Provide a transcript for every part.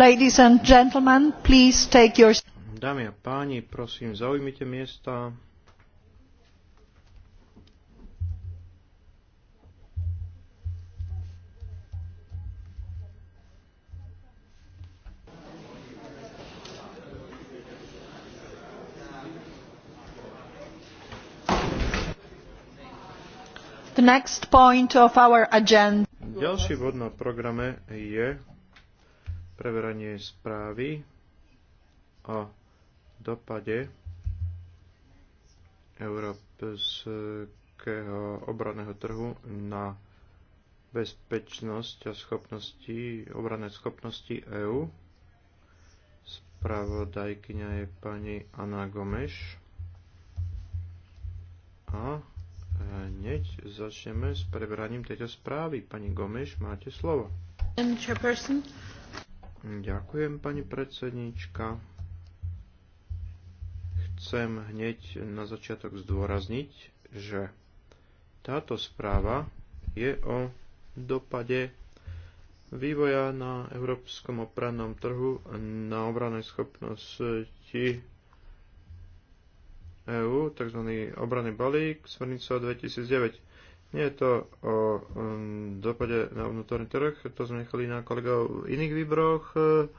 Ladies and gentlemen, please take your... Dámy a páni, prosím, zaujmite miesta. Ďalší bod na programe je preveranie správy o dopade európskeho obraného trhu na bezpečnosť a schopnosti, obrané schopnosti EÚ. Spravodajkyňa je pani Anna Gomeš. A hneď začneme s preberaním tejto správy. Pani Gomeš, máte slovo. Chairperson, Ďakujem, pani predsednička. Chcem hneď na začiatok zdôrazniť, že táto správa je o dopade vývoja na európskom obrannom trhu na obranej schopnosti EÚ, tzv. obranný balík, smernica 2009. Nie je to o um, dopade na vnútorný trh, to sme nechali na kolegov v iných výbroch, e,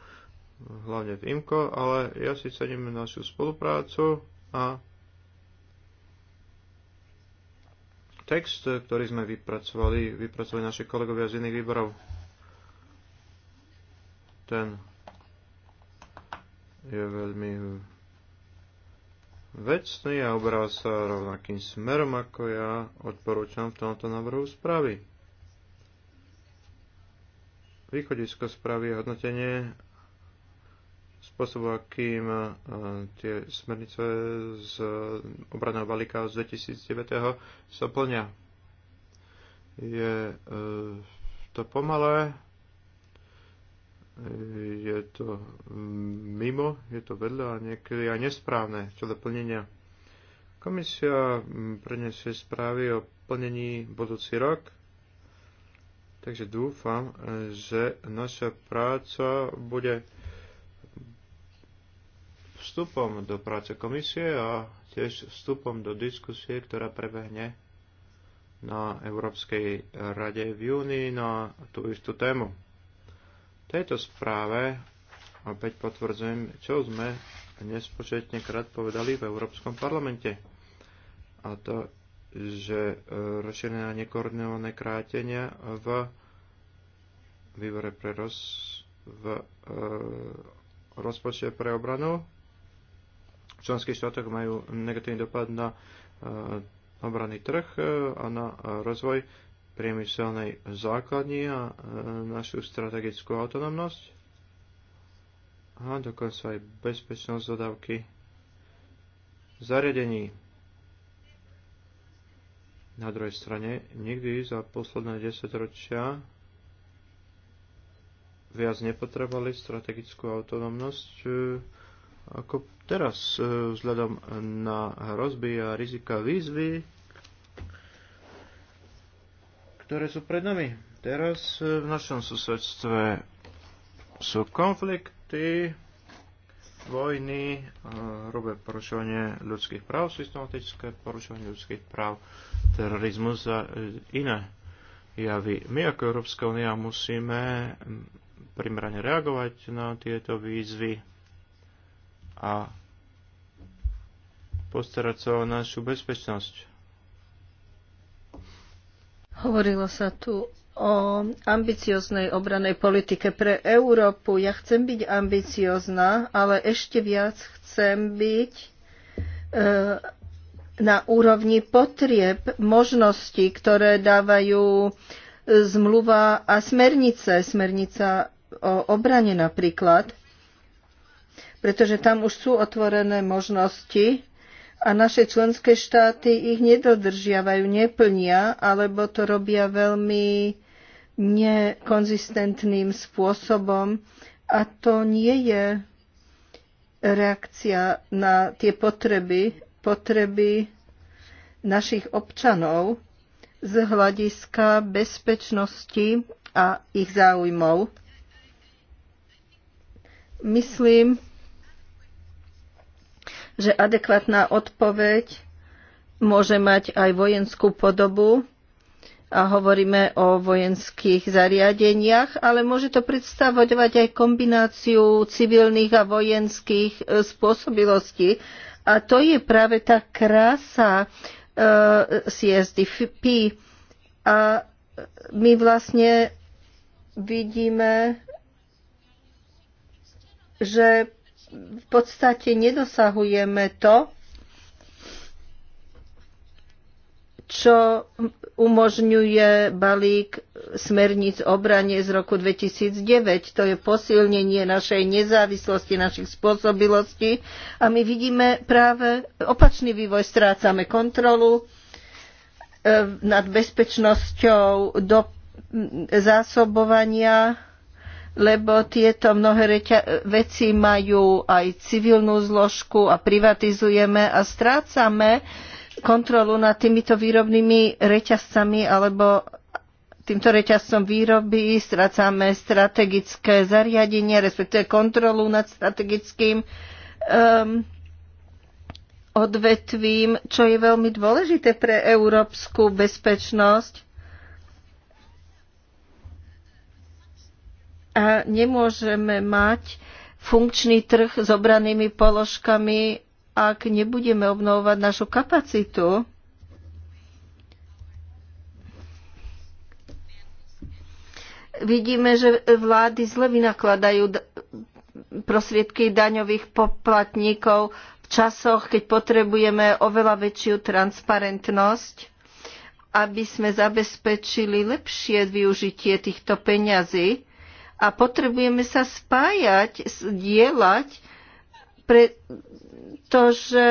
hlavne v IMCO, ale ja si cením našu spoluprácu a text, ktorý sme vypracovali, vypracovali naši kolegovia z iných výborov. Ten je veľmi vecný a obrá sa rovnakým smerom, ako ja odporúčam v tomto návrhu správy. Východisko správy je hodnotenie spôsobu, akým e, tie smernice z obraného balíka z 2009. sa plňa. Je e, to pomalé, je to mm, mimo, je to vedľa a niekedy aj nesprávne čo do plnenia. Komisia mm, preniesie správy o plnení budúci rok, takže dúfam, že naša práca bude vstupom do práce komisie a tiež vstupom do diskusie, ktorá prebehne na Európskej rade v júni na tú istú tému tejto správe opäť potvrdzujem, čo sme nespočetne krát povedali v Európskom parlamente. A to, že e, rozšírené a nekoordinované krátenia v výbore pre roz, v e, rozpočte pre obranu v členských štátoch majú negatívny dopad na e, obranný trh e, a na e, rozvoj priemyselnej základni a e, našu strategickú autonomnosť a dokonca aj bezpečnosť dodávky zariadení. Na druhej strane, nikdy za posledné 10 ročia viac nepotrebovali strategickú autonomnosť, e, ako teraz e, vzhľadom na hrozby a rizika výzvy ktoré sú pred nami. Teraz e, v našom susedstve sú konflikty, vojny, e, hrubé porušovanie ľudských práv, systematické porušovanie ľudských práv, terorizmus a e, iné javy. My ako Európska únia musíme primerane reagovať na tieto výzvy a postarať sa o našu bezpečnosť. Hovorilo sa tu o ambicioznej obranej politike pre Európu. Ja chcem byť ambiciozná, ale ešte viac chcem byť e, na úrovni potrieb, možností, ktoré dávajú zmluva a smernice. Smernica o obrane napríklad, pretože tam už sú otvorené možnosti a naše členské štáty ich nedodržiavajú, neplnia, alebo to robia veľmi nekonzistentným spôsobom. A to nie je reakcia na tie potreby, potreby našich občanov z hľadiska bezpečnosti a ich záujmov. Myslím, že adekvátna odpoveď môže mať aj vojenskú podobu a hovoríme o vojenských zariadeniach, ale môže to predstavovať aj kombináciu civilných a vojenských e, spôsobilostí. A to je práve tá krása e, CSDP. A my vlastne vidíme, že v podstate nedosahujeme to, čo umožňuje balík smerníc obrane z roku 2009. To je posilnenie našej nezávislosti, našich spôsobilostí. A my vidíme práve opačný vývoj. Strácame kontrolu e, nad bezpečnosťou do zásobovania lebo tieto mnohé veci majú aj civilnú zložku a privatizujeme a strácame kontrolu nad týmito výrobnými reťazcami alebo týmto reťazcom výroby, strácame strategické zariadenie, respektíve kontrolu nad strategickým um, odvetvím, čo je veľmi dôležité pre európsku bezpečnosť A nemôžeme mať funkčný trh s obranými položkami, ak nebudeme obnovovať našu kapacitu. Vidíme, že vlády zle vynakladajú prostriedky daňových poplatníkov v časoch, keď potrebujeme oveľa väčšiu transparentnosť, aby sme zabezpečili lepšie využitie týchto peňazí a potrebujeme sa spájať, dielať, pretože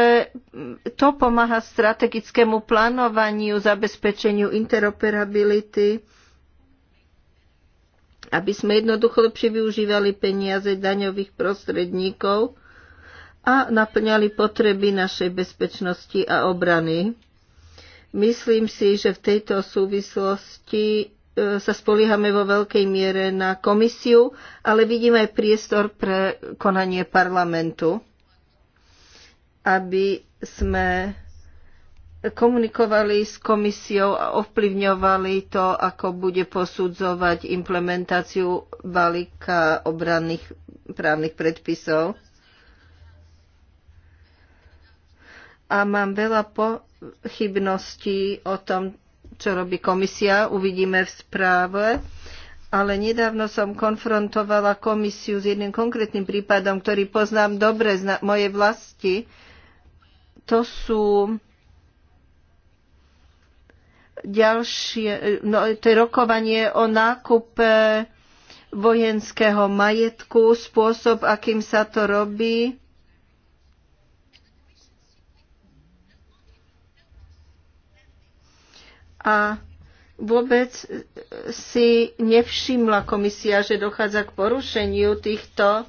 to pomáha strategickému plánovaniu, zabezpečeniu interoperability, aby sme jednoducho lepšie využívali peniaze daňových prostredníkov a naplňali potreby našej bezpečnosti a obrany. Myslím si, že v tejto súvislosti sa spoliehame vo veľkej miere na komisiu, ale vidíme aj priestor pre konanie parlamentu, aby sme komunikovali s komisiou a ovplyvňovali to, ako bude posudzovať implementáciu balíka obranných právnych predpisov. A mám veľa pochybností o tom, čo robí komisia, uvidíme v správe. Ale nedávno som konfrontovala komisiu s jedným konkrétnym prípadom, ktorý poznám dobre z mojej vlasti. To sú ďalšie, no, to je rokovanie o nákupe vojenského majetku, spôsob, akým sa to robí a vôbec si nevšimla komisia, že dochádza k porušeniu týchto,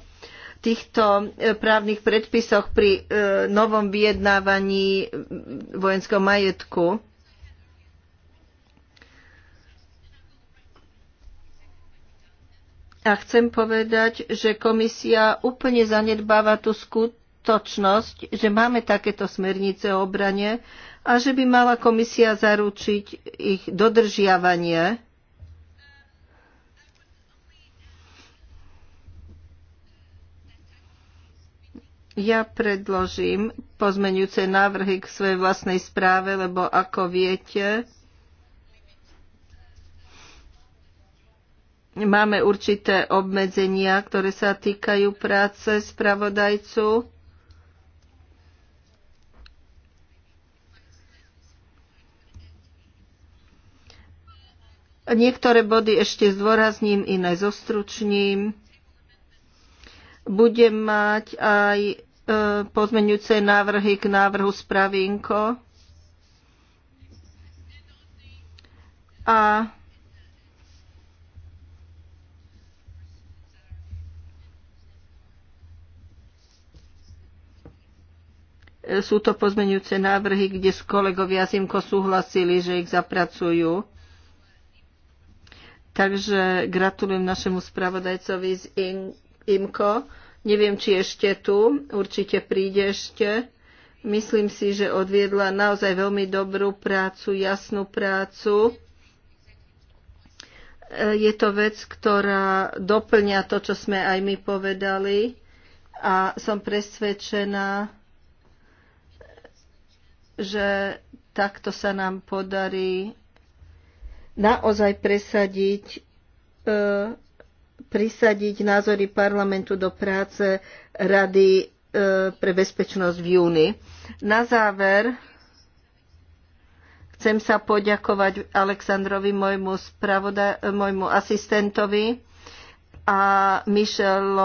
týchto e, právnych predpisoch pri e, novom vyjednávaní vojenského majetku. A chcem povedať, že komisia úplne zanedbáva tú skut- skutočnosť, že máme takéto smernice o obrane a že by mala komisia zaručiť ich dodržiavanie. Ja predložím pozmeňujúce návrhy k svojej vlastnej správe, lebo ako viete, máme určité obmedzenia, ktoré sa týkajú práce spravodajcu. Niektoré body ešte zdôrazním, iné zostručním. Budem mať aj e, pozmeňujúce návrhy k návrhu spravinko. A sú to pozmeňujúce návrhy, kde kolegovia Zimko súhlasili, že ich zapracujú Takže gratulujem našemu spravodajcovi z IMKO. Neviem, či ešte tu, určite príde ešte. Myslím si, že odviedla naozaj veľmi dobrú prácu, jasnú prácu. Je to vec, ktorá doplňa to, čo sme aj my povedali a som presvedčená, že takto sa nám podarí naozaj presadiť, e, prisadiť názory parlamentu do práce Rady e, pre bezpečnosť v júni. Na záver chcem sa poďakovať Aleksandrovi, môjmu, spravoda- môjmu asistentovi a Michel,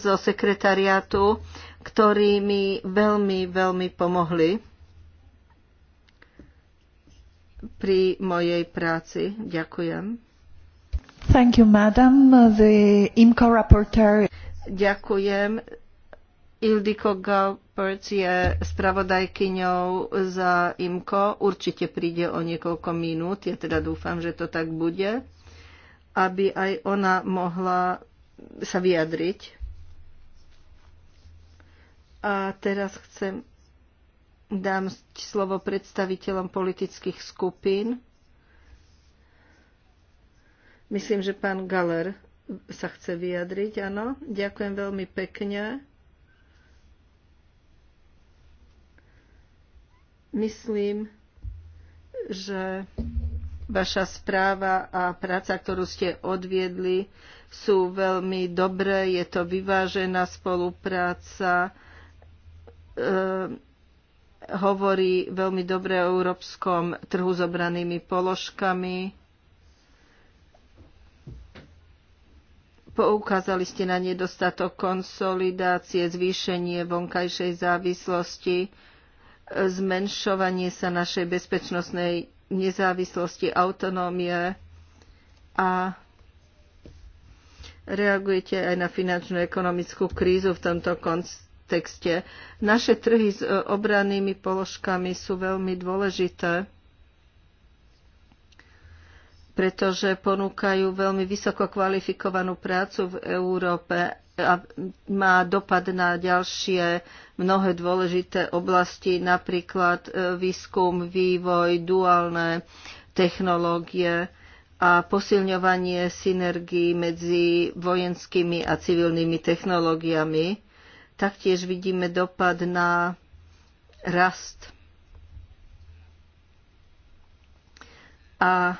zo sekretariátu, ktorí mi veľmi, veľmi pomohli pri mojej práci. Ďakujem. Thank you, madam. The IMCO rapporteur... Ďakujem. Ildiko Gauperc je spravodajkyňou za IMCO. Určite príde o niekoľko minút. Ja teda dúfam, že to tak bude. Aby aj ona mohla sa vyjadriť. A teraz chcem Dám slovo predstaviteľom politických skupín. Myslím, že pán Galer sa chce vyjadriť, áno. Ďakujem veľmi pekne. Myslím, že vaša správa a práca, ktorú ste odviedli, sú veľmi dobré. Je to vyvážená spolupráca. E hovorí veľmi dobre o európskom trhu s obranými položkami. Poukázali ste na nedostatok konsolidácie, zvýšenie vonkajšej závislosti, zmenšovanie sa našej bezpečnostnej nezávislosti, autonómie a reagujete aj na finančnú ekonomickú krízu v tomto kontekste texte. Naše trhy s e, obrannými položkami sú veľmi dôležité, pretože ponúkajú veľmi vysoko kvalifikovanú prácu v Európe a má dopad na ďalšie mnohé dôležité oblasti, napríklad e, výskum, vývoj, duálne technológie a posilňovanie synergií medzi vojenskými a civilnými technológiami. Taktiež vidíme dopad na rast. A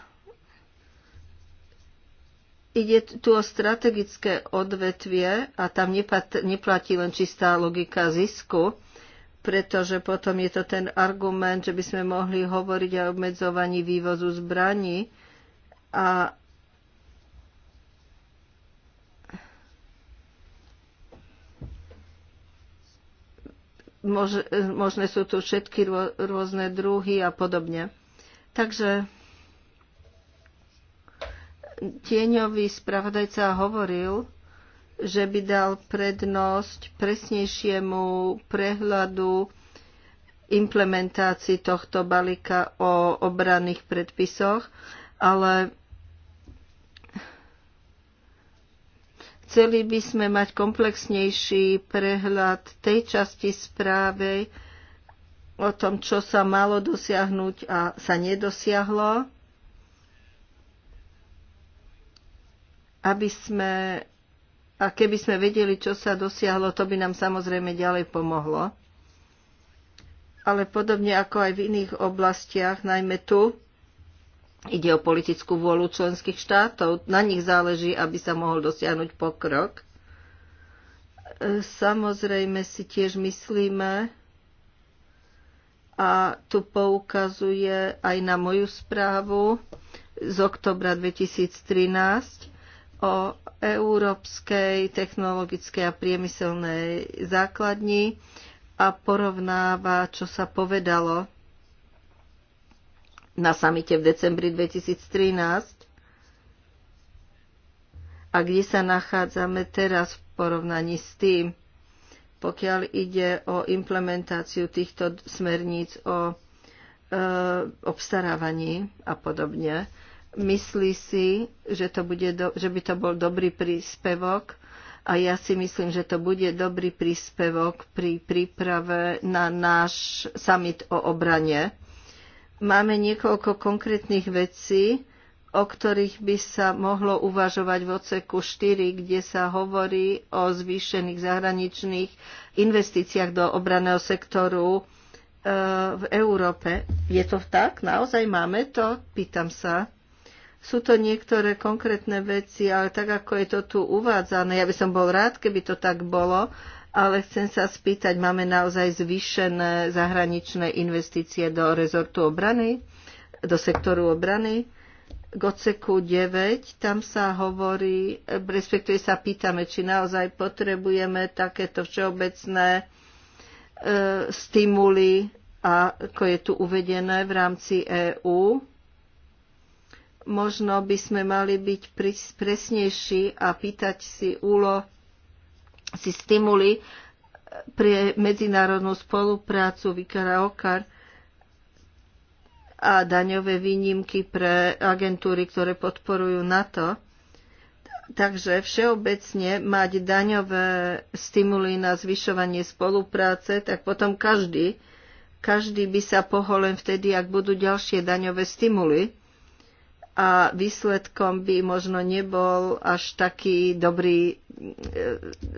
ide tu o strategické odvetvie a tam neplatí len čistá logika zisku, pretože potom je to ten argument, že by sme mohli hovoriť o obmedzovaní vývozu zbraní a mož, možné sú tu všetky rô, rôzne druhy a podobne. Takže tieňový spravodajca hovoril, že by dal prednosť presnejšiemu prehľadu implementácii tohto balíka o obranných predpisoch, ale Chceli by sme mať komplexnejší prehľad tej časti správy o tom, čo sa malo dosiahnuť a sa nedosiahlo, aby sme, a keby sme vedeli, čo sa dosiahlo, to by nám samozrejme ďalej pomohlo. Ale podobne ako aj v iných oblastiach, najmä tu, Ide o politickú vôľu členských štátov. Na nich záleží, aby sa mohol dosiahnuť pokrok. E, samozrejme si tiež myslíme, a tu poukazuje aj na moju správu z oktobra 2013 o európskej technologickej a priemyselnej základni a porovnáva, čo sa povedalo na samite v decembri 2013 a kde sa nachádzame teraz v porovnaní s tým, pokiaľ ide o implementáciu týchto smerníc o e, obstarávaní a podobne. Myslí si, že, to bude do, že by to bol dobrý príspevok a ja si myslím, že to bude dobrý príspevok pri príprave na náš summit o obrane Máme niekoľko konkrétnych vecí, o ktorých by sa mohlo uvažovať v oceku 4, kde sa hovorí o zvýšených zahraničných investíciách do obraného sektoru e, v Európe. Je to tak? Naozaj máme to? Pýtam sa. Sú to niektoré konkrétne veci, ale tak ako je to tu uvádzané, ja by som bol rád, keby to tak bolo, ale chcem sa spýtať, máme naozaj zvýšené zahraničné investície do rezortu obrany, do sektoru obrany. K 9, tam sa hovorí, respektíve sa pýtame, či naozaj potrebujeme takéto všeobecné e, stimuly, ako je tu uvedené v rámci EÚ možno by sme mali byť presnejší a pýtať si úlohy si stimuli eh, pre medzinárodnú spoluprácu Vikara Okar a daňové výnimky pre agentúry, ktoré podporujú NATO. Takže všeobecne mať daňové stimuly na zvyšovanie spolupráce, tak potom každý, každý by sa pohol len vtedy, ak budú ďalšie daňové stimuly a výsledkom by možno nebol až taký dobrý, e,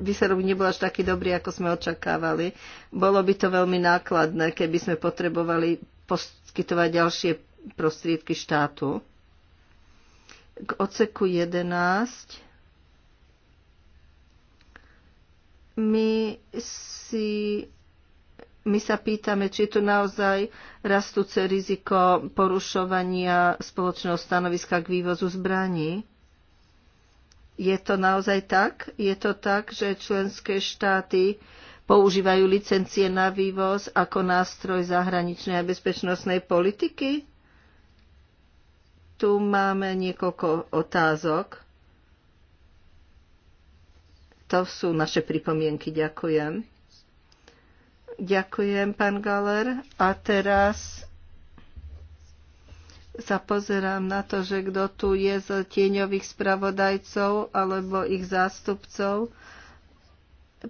výsledok nebol až taký dobrý, ako sme očakávali. Bolo by to veľmi nákladné, keby sme potrebovali poskytovať ďalšie prostriedky štátu. K oceku 11 my si my sa pýtame, či je tu naozaj rastúce riziko porušovania spoločného stanoviska k vývozu zbraní. Je to naozaj tak? Je to tak, že členské štáty používajú licencie na vývoz ako nástroj zahraničnej a bezpečnostnej politiky? Tu máme niekoľko otázok. To sú naše pripomienky. Ďakujem. Ďakujem, pán Galer. A teraz sa pozerám na to, že kto tu je z tieňových spravodajcov alebo ich zástupcov.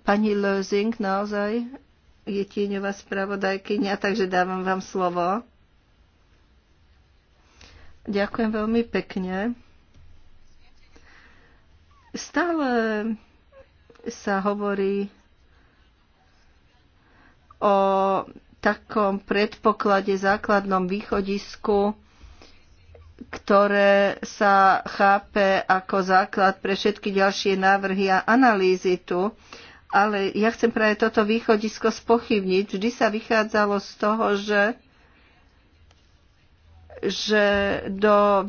Pani Lozing naozaj je tieňová spravodajkynia, takže dávam vám slovo. Ďakujem veľmi pekne. Stále sa hovorí o takom predpoklade, základnom východisku, ktoré sa chápe ako základ pre všetky ďalšie návrhy a analýzy tu. Ale ja chcem práve toto východisko spochybniť. Vždy sa vychádzalo z toho, že že do,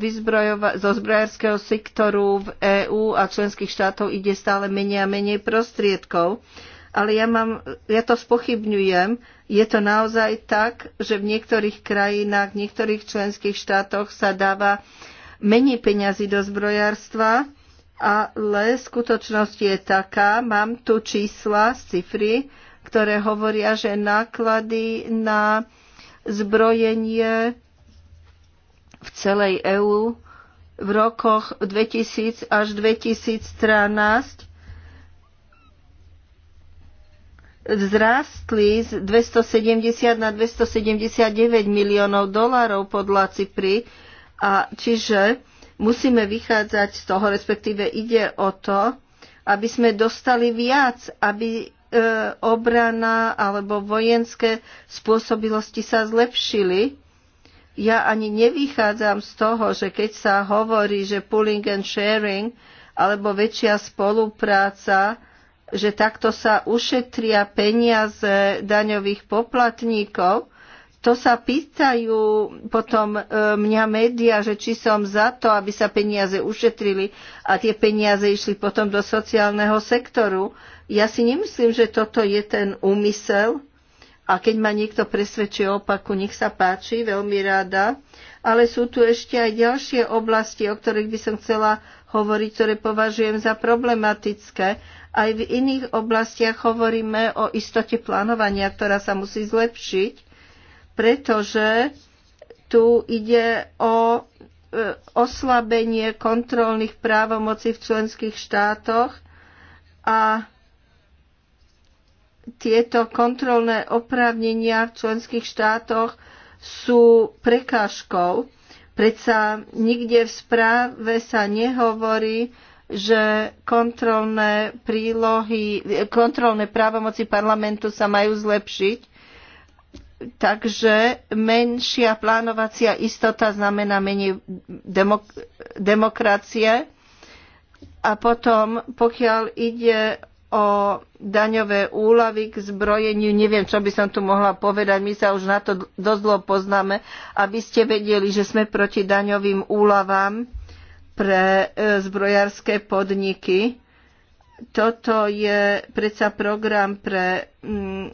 zo zbrojárskeho sektoru v EÚ a členských štátov ide stále menej a menej prostriedkov ale ja, mám, ja to spochybňujem. Je to naozaj tak, že v niektorých krajinách, v niektorých členských štátoch sa dáva menej peňazí do zbrojárstva, ale skutočnosť je taká, mám tu čísla, z cifry, ktoré hovoria, že náklady na zbrojenie v celej EÚ v rokoch 2000 až 2013 vzrástli z 270 na 279 miliónov dolárov podľa Cypry. A čiže musíme vychádzať z toho, respektíve ide o to, aby sme dostali viac, aby e, obrana alebo vojenské spôsobilosti sa zlepšili. Ja ani nevychádzam z toho, že keď sa hovorí, že pooling and sharing alebo väčšia spolupráca, že takto sa ušetria peniaze daňových poplatníkov, to sa pýtajú potom e, mňa média, že či som za to, aby sa peniaze ušetrili a tie peniaze išli potom do sociálneho sektoru. Ja si nemyslím, že toto je ten úmysel. A keď ma niekto presvedčí opaku, nech sa páči, veľmi rada. Ale sú tu ešte aj ďalšie oblasti, o ktorých by som chcela hovoriť, ktoré považujem za problematické aj v iných oblastiach hovoríme o istote plánovania, ktorá sa musí zlepšiť, pretože tu ide o e, oslabenie kontrolných právomocí v členských štátoch a tieto kontrolné oprávnenia v členských štátoch sú prekážkou. Predsa nikde v správe sa nehovorí že kontrolné prílohy, kontrolné právomoci parlamentu sa majú zlepšiť. Takže menšia plánovacia istota znamená menej demok- demokracie. A potom, pokiaľ ide o daňové úlavy k zbrojeniu. Neviem, čo by som tu mohla povedať. My sa už na to dosť dlho poznáme, aby ste vedeli, že sme proti daňovým úlavám pre e, zbrojárske podniky. Toto je predsa program pre mm,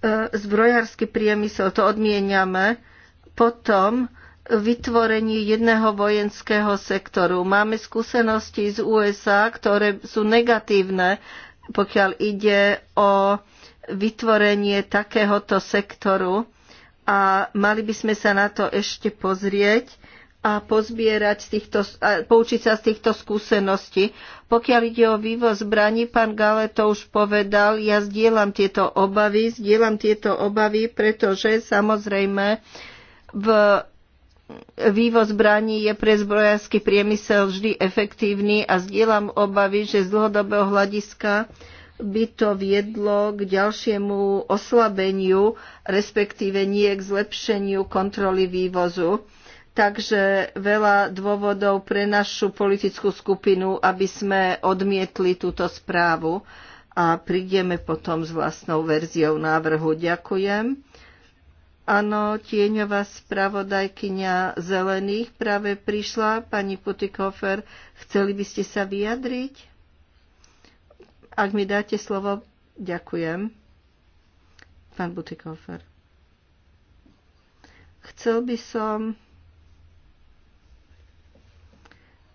e, zbrojársky priemysel, to odmieniame. Potom vytvorenie jedného vojenského sektoru. Máme skúsenosti z USA, ktoré sú negatívne, pokiaľ ide o vytvorenie takéhoto sektoru a mali by sme sa na to ešte pozrieť a pozbierať z týchto, a poučiť sa z týchto skúseností. Pokiaľ ide o vývoz zbraní, pán Gale to už povedal, ja zdieľam tieto obavy, zdieľam tieto obavy, pretože samozrejme v vývoz zbraní je pre zbrojársky priemysel vždy efektívny a zdieľam obavy, že z dlhodobého hľadiska by to viedlo k ďalšiemu oslabeniu, respektíve nie k zlepšeniu kontroly vývozu Takže veľa dôvodov pre našu politickú skupinu, aby sme odmietli túto správu a prídeme potom s vlastnou verziou návrhu. Ďakujem. Áno, tieňová spravodajkynia zelených práve prišla. Pani Putikofer, chceli by ste sa vyjadriť? Ak mi dáte slovo, ďakujem. Pán Butikofer. Chcel by som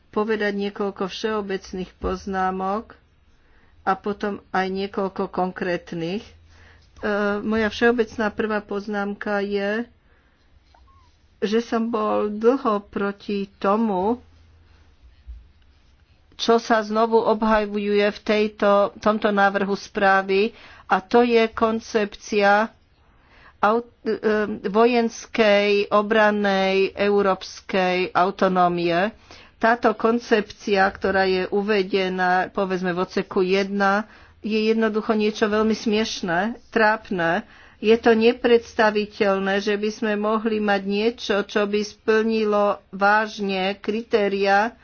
povedať niekoľko všeobecných poznámok a potom aj niekoľko konkrétnych. E, moja všeobecná prvá poznámka je, že som bol dlho proti tomu, čo sa znovu obhajuje v tejto, tomto návrhu správy a to je koncepcia e, vojenskej, obranej, európskej autonómie. Táto koncepcia, ktorá je uvedená, povedzme v oceku 1, je jednoducho niečo veľmi smiešné, trápne. Je to nepredstaviteľné, že by sme mohli mať niečo, čo by splnilo vážne kritéria,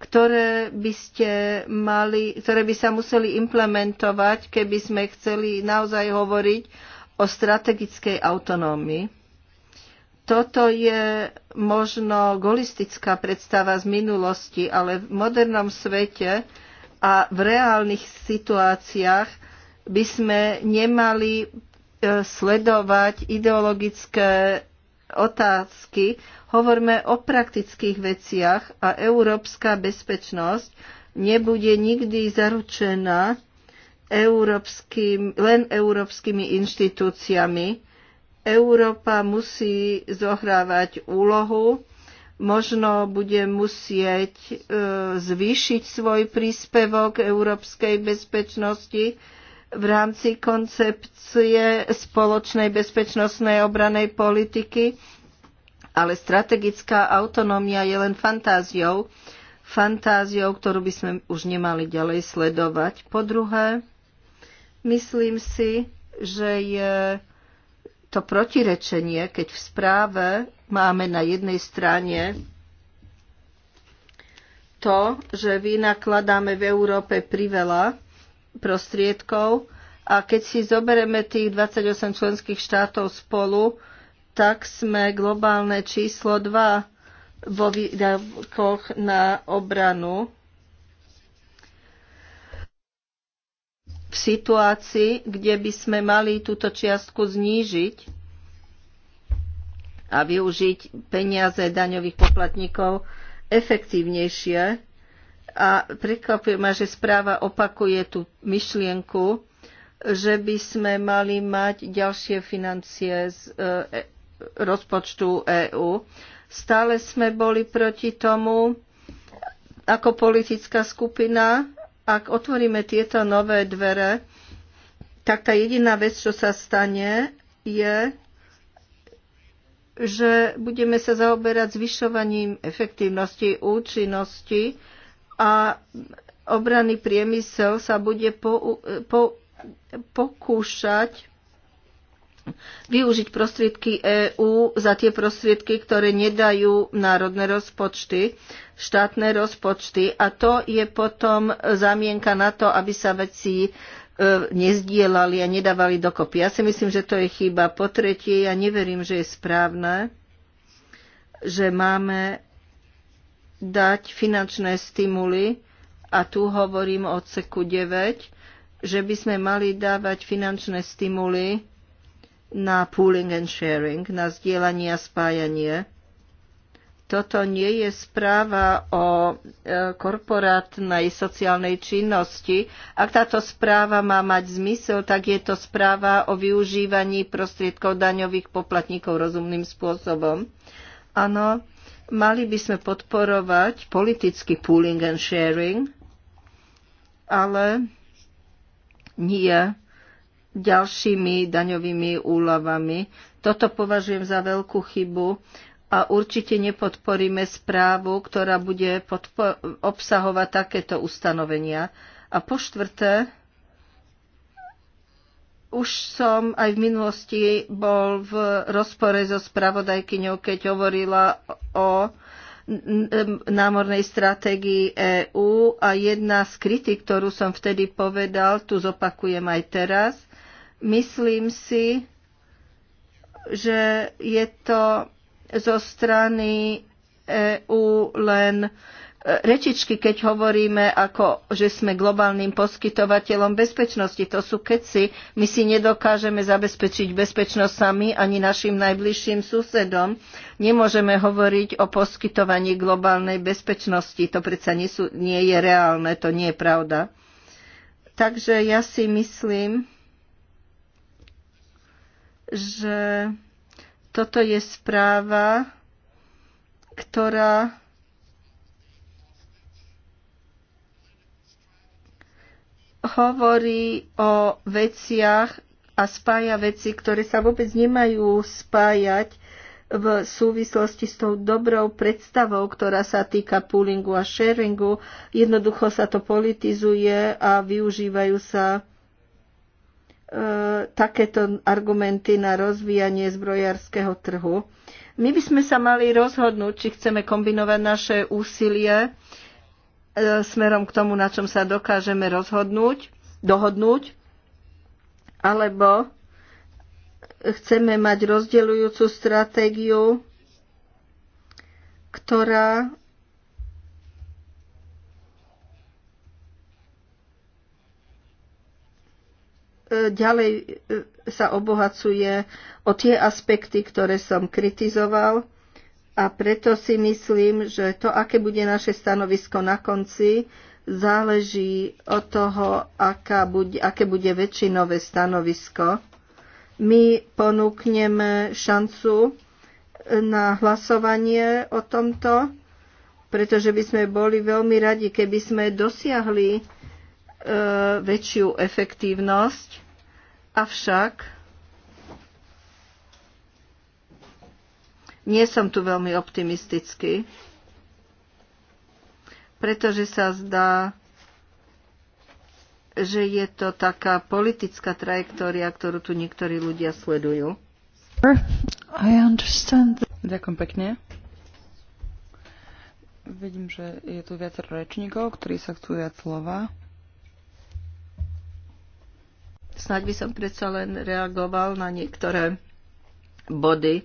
ktoré by, ste mali, ktoré by sa museli implementovať, keby sme chceli naozaj hovoriť o strategickej autonómii. Toto je možno golistická predstava z minulosti, ale v modernom svete a v reálnych situáciách by sme nemali e, sledovať ideologické otázky. Hovorme o praktických veciach a európska bezpečnosť nebude nikdy zaručená európskym, len európskymi inštitúciami. Európa musí zohrávať úlohu, možno bude musieť e, zvýšiť svoj príspevok európskej bezpečnosti v rámci koncepcie spoločnej bezpečnostnej obranej politiky, ale strategická autonómia je len fantáziou, fantáziou, ktorú by sme už nemali ďalej sledovať. Po druhé, myslím si, že je to protirečenie, keď v správe máme na jednej strane to, že vynakladáme v Európe priveľa prostriedkov a keď si zobereme tých 28 členských štátov spolu, tak sme globálne číslo 2 vo výdavkoch na obranu v situácii, kde by sme mali túto čiastku znížiť a využiť peniaze daňových poplatníkov efektívnejšie. A prekvapuje ma, že správa opakuje tú myšlienku, že by sme mali mať ďalšie financie z e, e rozpočtu EÚ. Stále sme boli proti tomu ako politická skupina ak otvoríme tieto nové dvere, tak tá jediná vec, čo sa stane, je, že budeme sa zaoberať zvyšovaním efektívnosti, účinnosti a obranný priemysel sa bude po, po, pokúšať využiť prostriedky EÚ za tie prostriedky, ktoré nedajú národné rozpočty, štátne rozpočty. A to je potom zamienka na to, aby sa veci e, nezdielali a nedávali dokopy. Ja si myslím, že to je chyba. Po tretie, ja neverím, že je správne, že máme dať finančné stimuly, a tu hovorím o odseku 9, že by sme mali dávať finančné stimuly na pooling and sharing, na zdieľanie a spájanie. Toto nie je správa o e, korporátnej sociálnej činnosti. Ak táto správa má mať zmysel, tak je to správa o využívaní prostriedkov daňových poplatníkov rozumným spôsobom. Áno, mali by sme podporovať politický pooling and sharing, ale nie ďalšími daňovými úľavami. Toto považujem za veľkú chybu a určite nepodporíme správu, ktorá bude obsahovať takéto ustanovenia. A po štvrté, už som aj v minulosti bol v rozpore so spravodajkyňou, keď hovorila o námornej stratégii EÚ a jedna z kritik, ktorú som vtedy povedal, tu zopakujem aj teraz – Myslím si, že je to zo strany EU len e, rečičky, keď hovoríme, ako, že sme globálnym poskytovateľom bezpečnosti. To sú keci. My si nedokážeme zabezpečiť bezpečnosť sami ani našim najbližším susedom. Nemôžeme hovoriť o poskytovaní globálnej bezpečnosti. To predsa nie, sú, nie je reálne, to nie je pravda. Takže ja si myslím, že toto je správa, ktorá hovorí o veciach a spája veci, ktoré sa vôbec nemajú spájať v súvislosti s tou dobrou predstavou, ktorá sa týka poolingu a sharingu. Jednoducho sa to politizuje a využívajú sa E, takéto argumenty na rozvíjanie zbrojárskeho trhu. My by sme sa mali rozhodnúť, či chceme kombinovať naše úsilie e, smerom k tomu, na čom sa dokážeme rozhodnúť, dohodnúť, alebo chceme mať rozdeľujúcu stratégiu, ktorá ďalej e, sa obohacuje o tie aspekty, ktoré som kritizoval a preto si myslím, že to, aké bude naše stanovisko na konci, záleží od toho, aká bude, aké bude väčšinové stanovisko. My ponúkneme šancu e, na hlasovanie o tomto, pretože by sme boli veľmi radi, keby sme dosiahli E, väčšiu efektívnosť, avšak nie som tu veľmi optimistický, pretože sa zdá, že je to taká politická trajektória, ktorú tu niektorí ľudia sledujú. Ďakujem pekne. Vidím, že je tu viacero rečníkov, ktorí sa chcú viac slova snáď by som predsa len reagoval na niektoré body.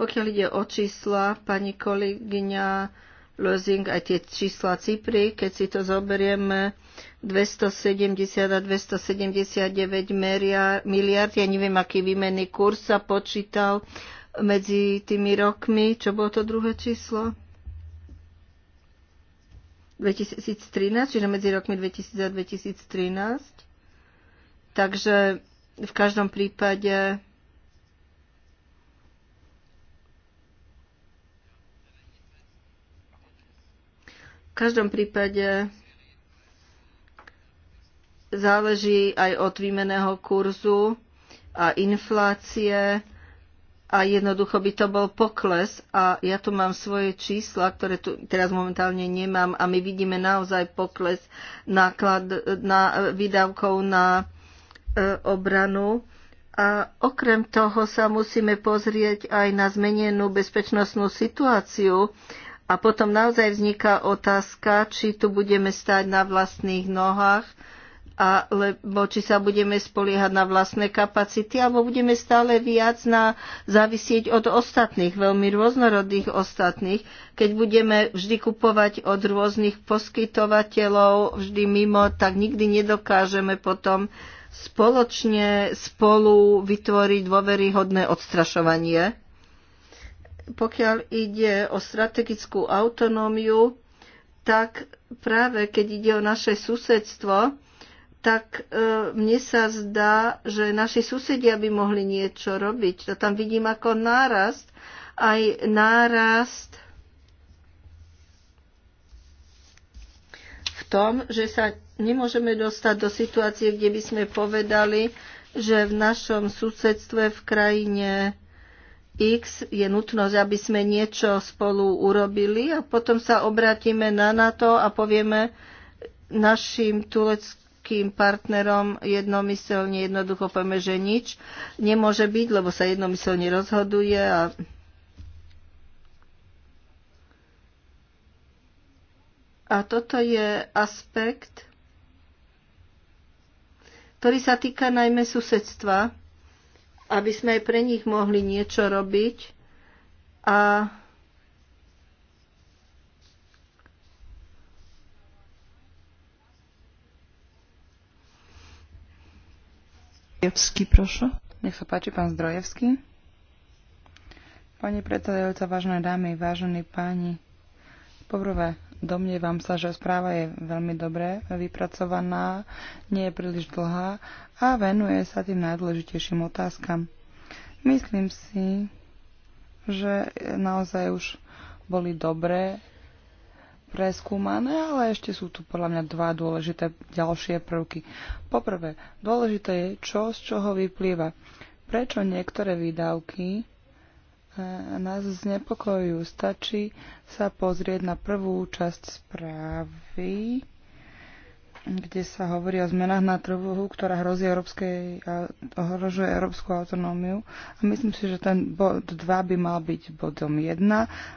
Pokiaľ ide o čísla, pani kolegyňa Lozing, aj tie čísla Cypri, keď si to zoberieme, 270 a 279 miliard, ja neviem, aký výmenný kurz sa počítal medzi tými rokmi. Čo bolo to druhé číslo? 2013, čiže medzi rokmi 2000 a 2013. Takže v každom prípade v každom prípade záleží aj od výmeného kurzu a inflácie a jednoducho by to bol pokles a ja tu mám svoje čísla, ktoré tu teraz momentálne nemám a my vidíme naozaj pokles náklad, na, výdavkov na E, obranu. A okrem toho sa musíme pozrieť aj na zmenenú bezpečnostnú situáciu. A potom naozaj vzniká otázka, či tu budeme stať na vlastných nohách, alebo či sa budeme spoliehať na vlastné kapacity, alebo budeme stále viac na, závisieť od ostatných, veľmi rôznorodných ostatných, keď budeme vždy kupovať od rôznych poskytovateľov, vždy mimo, tak nikdy nedokážeme potom spoločne spolu vytvoriť dôveryhodné odstrašovanie. Pokiaľ ide o strategickú autonómiu, tak práve keď ide o naše susedstvo, tak e, mne sa zdá, že naši susedia by mohli niečo robiť. To tam vidím ako nárast, aj nárast v tom, že sa nemôžeme dostať do situácie, kde by sme povedali, že v našom susedstve v krajine X je nutnosť, aby sme niečo spolu urobili a potom sa obratíme na NATO a povieme našim tuleckým partnerom jednomyselne, jednoducho povieme, že nič nemôže byť, lebo sa jednomyselne rozhoduje a A toto je aspekt, ktorý sa týka najmä susedstva, aby sme aj pre nich mohli niečo robiť. A Zdrojevský, prosím. Nech sa páči, pán Zdrojevský. Pani predsedajúca, vážené dámy, vážení páni, poprvé, Domnievam sa, že správa je veľmi dobre vypracovaná, nie je príliš dlhá a venuje sa tým najdôležitejším otázkam. Myslím si, že naozaj už boli dobre preskúmané, ale ešte sú tu podľa mňa dva dôležité ďalšie prvky. Poprvé, dôležité je, čo z čoho vyplýva. Prečo niektoré výdavky nás znepokojujú. Stačí sa pozrieť na prvú časť správy, kde sa hovorí o zmenách na trhu, ktorá hrozí európskej, ohrožuje európsku autonómiu. A myslím si, že ten bod 2 by mal byť bodom 1,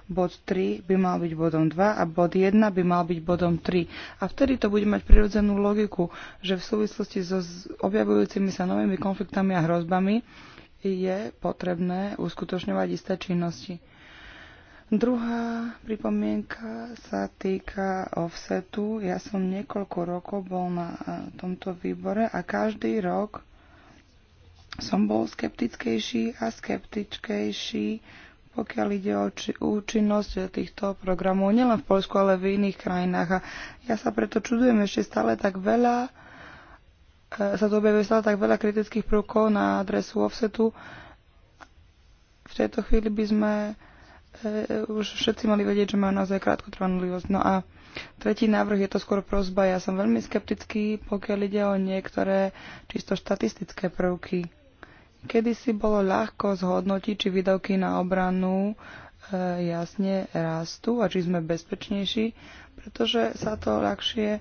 bod 3 by mal byť bodom 2 a bod 1 by mal byť bodom 3. A vtedy to bude mať prirodzenú logiku, že v súvislosti so objavujúcimi sa novými konfliktami a hrozbami je potrebné uskutočňovať isté činnosti. Druhá pripomienka sa týka offsetu. Ja som niekoľko rokov bol na e, tomto výbore a každý rok som bol skeptickejší a skeptičkejší, pokiaľ ide o či- účinnosť týchto programov, nielen v Polsku, ale v iných krajinách. A ja sa preto čudujem, ešte stále tak veľa sa tu objavuje stále tak veľa kritických prvkov na adresu offsetu. V tejto chvíli by sme e, už všetci mali vedieť, že majú naozaj krátku trvanlivosť. No a tretí návrh je to skôr prozba. Ja som veľmi skeptický, pokiaľ ide o niektoré čisto štatistické prvky. Kedy si bolo ľahko zhodnotiť, či výdavky na obranu e, jasne rastú a či sme bezpečnejší, pretože sa to ľahšie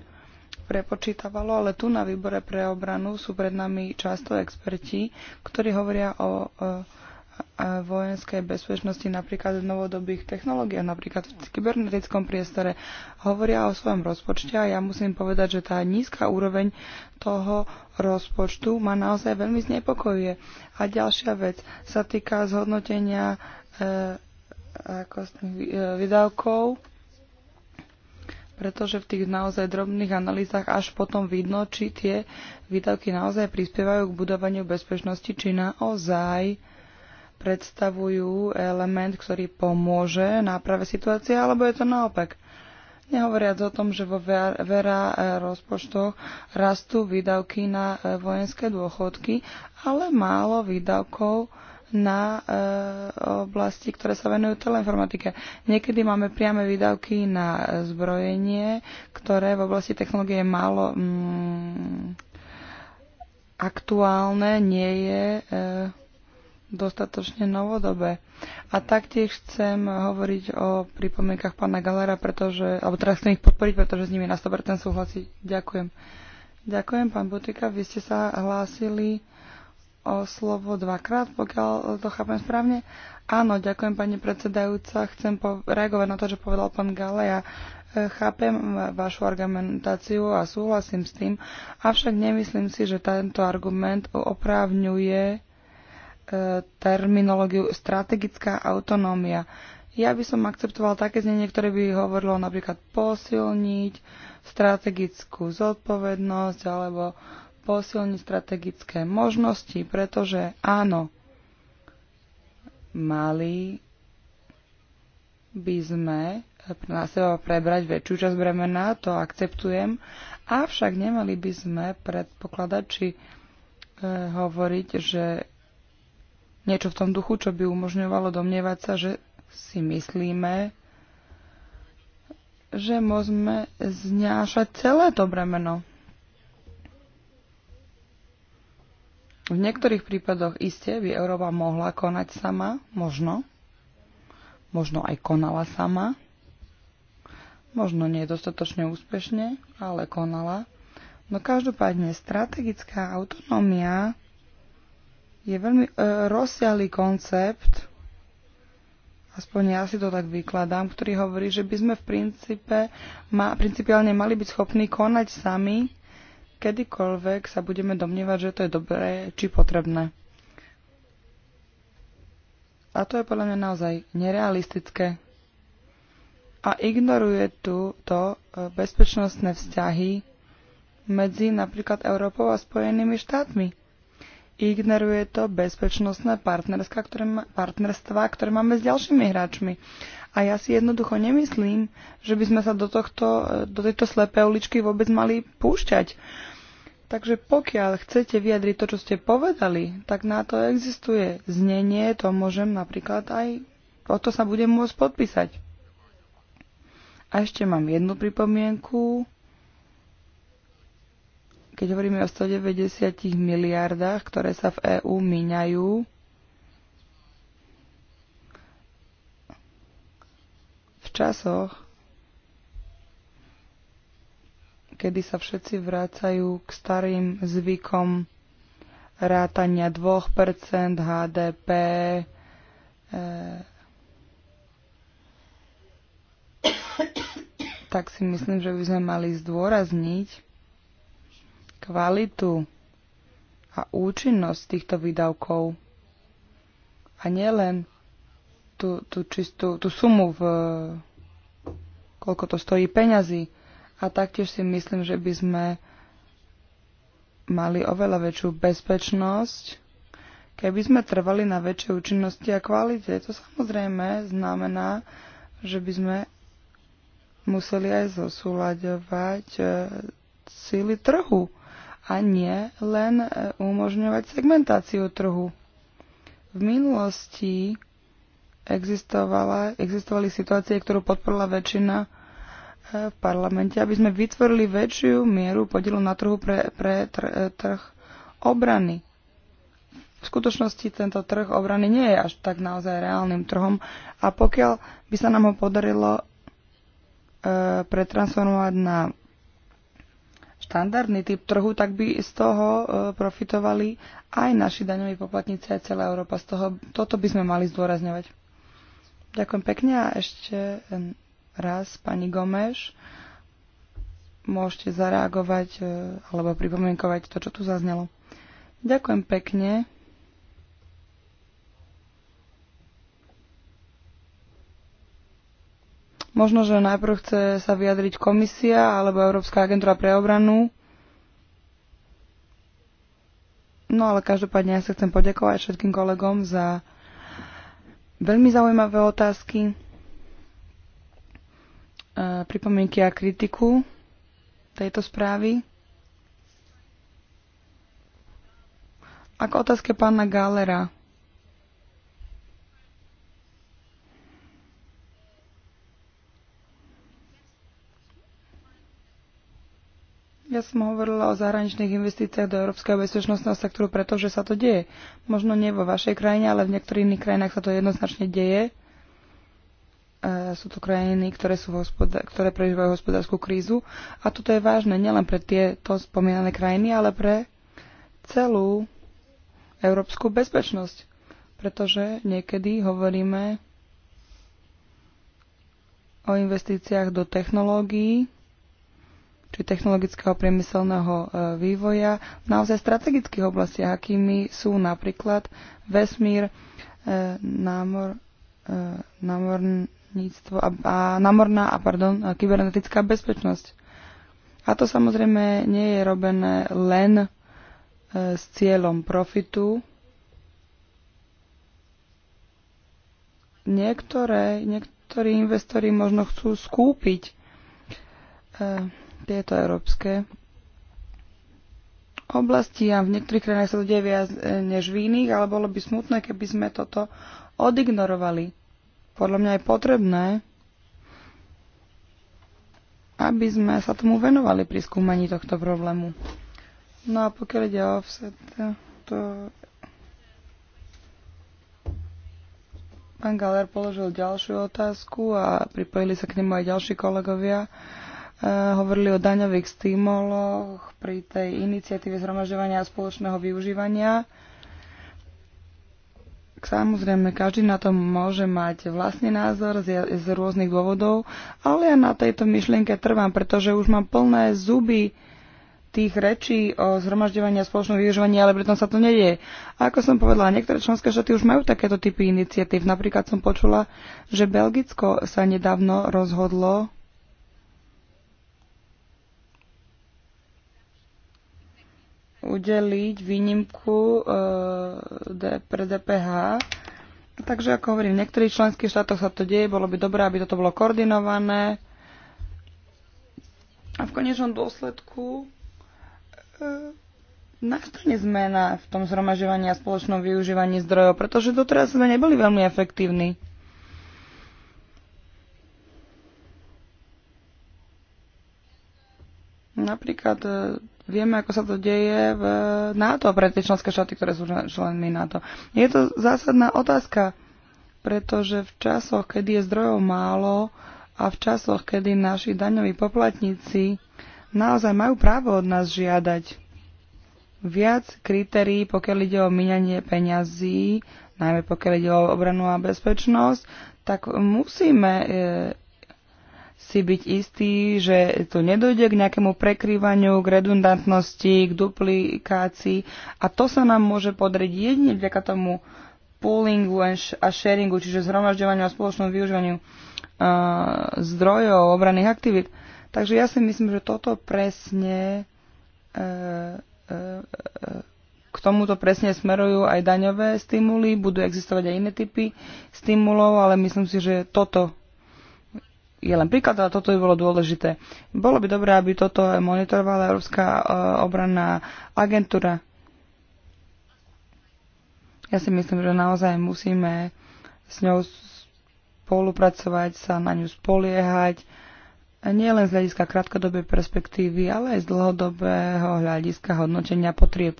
prepočítavalo, ale tu na výbore pre obranu sú pred nami často experti, ktorí hovoria o vojenskej bezpečnosti napríklad v novodobých technológiách, napríklad v kybernetickom priestore, hovoria o svojom rozpočte a ja musím povedať, že tá nízka úroveň toho rozpočtu ma naozaj veľmi znepokojuje. A ďalšia vec sa týka zhodnotenia e, e, výdavkov pretože v tých naozaj drobných analýzach až potom vidno, či tie výdavky naozaj prispievajú k budovaniu bezpečnosti, či naozaj predstavujú element, ktorý pomôže náprave situácie, alebo je to naopak. Nehovoriac o tom, že vo vera e, rozpočtoch rastú výdavky na e, vojenské dôchodky, ale málo výdavkov na e, oblasti, ktoré sa venujú teleinformatike. Niekedy máme priame výdavky na zbrojenie, ktoré v oblasti technológie je málo mm, aktuálne, nie je e, dostatočne novodobé. A taktiež chcem hovoriť o pripomienkach pána Galera, pretože, alebo teraz chcem ich podporiť, pretože s nimi na 100% súhlasí. Ďakujem. Ďakujem, pán Butika, vy ste sa hlásili o slovo dvakrát, pokiaľ to chápem správne. Áno, ďakujem pani predsedajúca. Chcem reagovať na to, čo povedal pán Gale. Ja e, chápem vašu argumentáciu a súhlasím s tým, avšak nemyslím si, že tento argument oprávňuje e, terminológiu strategická autonómia. Ja by som akceptoval také znenie, ktoré by hovorilo napríklad posilniť strategickú zodpovednosť alebo posilniť strategické možnosti, pretože áno, mali by sme na seba prebrať väčšiu časť bremena, to akceptujem, avšak nemali by sme predpokladať či e, hovoriť, že niečo v tom duchu, čo by umožňovalo domnievať sa, že si myslíme, že môžeme znášať celé to bremeno. V niektorých prípadoch iste by Európa mohla konať sama, možno. Možno aj konala sama. Možno nie dostatočne úspešne, ale konala. No každopádne strategická autonómia je veľmi e, rozsiahlý koncept, aspoň ja si to tak vykladám, ktorý hovorí, že by sme v princípe ma, principiálne mali byť schopní konať sami kedykoľvek sa budeme domnievať, že to je dobré či potrebné. A to je podľa mňa naozaj nerealistické. A ignoruje tu to e, bezpečnostné vzťahy medzi napríklad Európou a Spojenými štátmi. Ignoruje to bezpečnostné partnerstva, ktoré, má, partnerstva, ktoré máme s ďalšími hráčmi. A ja si jednoducho nemyslím, že by sme sa do, tohto, do tejto slepej uličky vôbec mali púšťať. Takže pokiaľ chcete vyjadriť to, čo ste povedali, tak na to existuje znenie, to môžem napríklad aj, o to sa budem môcť podpísať. A ešte mám jednu pripomienku. Keď hovoríme o 190 miliardách, ktoré sa v EÚ míňajú, časoch, kedy sa všetci vrácajú k starým zvykom rátania 2% HDP, e, tak si myslím, že by sme mali zdôrazniť kvalitu a účinnosť týchto výdavkov a nielen tú, tú čistú tú sumu v koľko to stojí peňazí. A taktiež si myslím, že by sme mali oveľa väčšiu bezpečnosť, keby sme trvali na väčšej účinnosti a kvalite. To samozrejme znamená, že by sme museli aj zosúľaďovať e, síly trhu a nie len e, umožňovať segmentáciu trhu. V minulosti existovala, existovali situácie, ktorú podporila väčšina v parlamente, aby sme vytvorili väčšiu mieru podielu na trhu pre, pre tr, e, trh obrany. V skutočnosti tento trh obrany nie je až tak naozaj reálnym trhom a pokiaľ by sa nám ho podarilo e, pretransformovať na štandardný typ trhu, tak by z toho e, profitovali aj naši daňoví poplatníci, aj celá Európa. Z toho, toto by sme mali zdôrazňovať. Ďakujem pekne a ešte e, raz, pani Gomeš, môžete zareagovať e, alebo pripomienkovať to, čo tu zaznelo. Ďakujem pekne. Možno, že najprv chce sa vyjadriť komisia alebo Európska agentúra pre obranu. No ale každopádne ja sa chcem poďakovať všetkým kolegom za veľmi zaujímavé otázky. E, pripomienky a kritiku tejto správy. Ako otázka pána Galera. Ja som hovorila o zahraničných investíciách do európskeho bezpečnostného sektoru, pretože sa to deje. Možno nie vo vašej krajine, ale v niektorých iných krajinách sa to jednoznačne deje. Eh, sú to krajiny, ktoré, sú hospoda- ktoré prežívajú hospodárskú krízu. A toto je vážne nielen pre tieto spomínané krajiny, ale pre celú európsku bezpečnosť. Pretože niekedy hovoríme o investíciách do technológií, či technologického priemyselného eh, vývoja v naozaj strategických oblastiach, akými sú napríklad vesmír, eh, námor, námor, námorníctvo a, a námorná a pardon, a kybernetická bezpečnosť. A to samozrejme nie je robené len e, s cieľom profitu. Niektoré, niektorí investori možno chcú skúpiť e, tieto európske oblasti a v niektorých krajinách sa to deje viac e, než v iných, ale bolo by smutné, keby sme toto odignorovali podľa mňa je potrebné, aby sme sa tomu venovali pri skúmaní tohto problému. No a pokiaľ ide o offset, to... Pán Galer položil ďalšiu otázku a pripojili sa k nemu aj ďalší kolegovia. E, hovorili o daňových stimuloch pri tej iniciatíve zhromažďovania a spoločného využívania. E, Samozrejme, každý na tom môže mať vlastný názor z, z rôznych dôvodov, ale ja na tejto myšlienke trvám, pretože už mám plné zuby tých rečí o zhromažďovaní a spoločnom využívaní, ale pritom sa to nedie. A ako som povedala, niektoré členské štáty už majú takéto typy iniciatív. Napríklad som počula, že Belgicko sa nedávno rozhodlo udeliť výnimku eh, pre DPH. Takže ako hovorím, v niektorých členských štátoch sa to deje, bolo by dobré, aby toto bolo koordinované. A v konečnom dôsledku eh, nastane zmena v tom zhromažovaní a spoločnom využívaní zdrojov, pretože doteraz sme neboli veľmi efektívni. Napríklad eh, Vieme, ako sa to deje v NATO pre tie členské štáty, ktoré sú členmi NATO. Je to zásadná otázka, pretože v časoch, kedy je zdrojov málo a v časoch, kedy naši daňoví poplatníci naozaj majú právo od nás žiadať viac kritérií, pokiaľ ide o minanie peňazí, najmä pokiaľ ide o obranu a bezpečnosť, tak musíme e, si byť istý, že to nedojde k nejakému prekrývaniu, k redundantnosti, k duplikácii a to sa nám môže podriť jedine vďaka tomu poolingu a sharingu, čiže zhromažďovaniu a spoločnom využívaniu uh, zdrojov, obranných aktivít. Takže ja si myslím, že toto presne uh, uh, uh, k tomuto presne smerujú aj daňové stimuly, budú existovať aj iné typy stimulov, ale myslím si, že toto je len príklad, ale toto by bolo dôležité. Bolo by dobré, aby toto monitorovala Európska e, obranná agentúra. Ja si myslím, že naozaj musíme s ňou spolupracovať, sa na ňu spoliehať, nie len z hľadiska krátkodobej perspektívy, ale aj z dlhodobého hľadiska hodnotenia potrieb.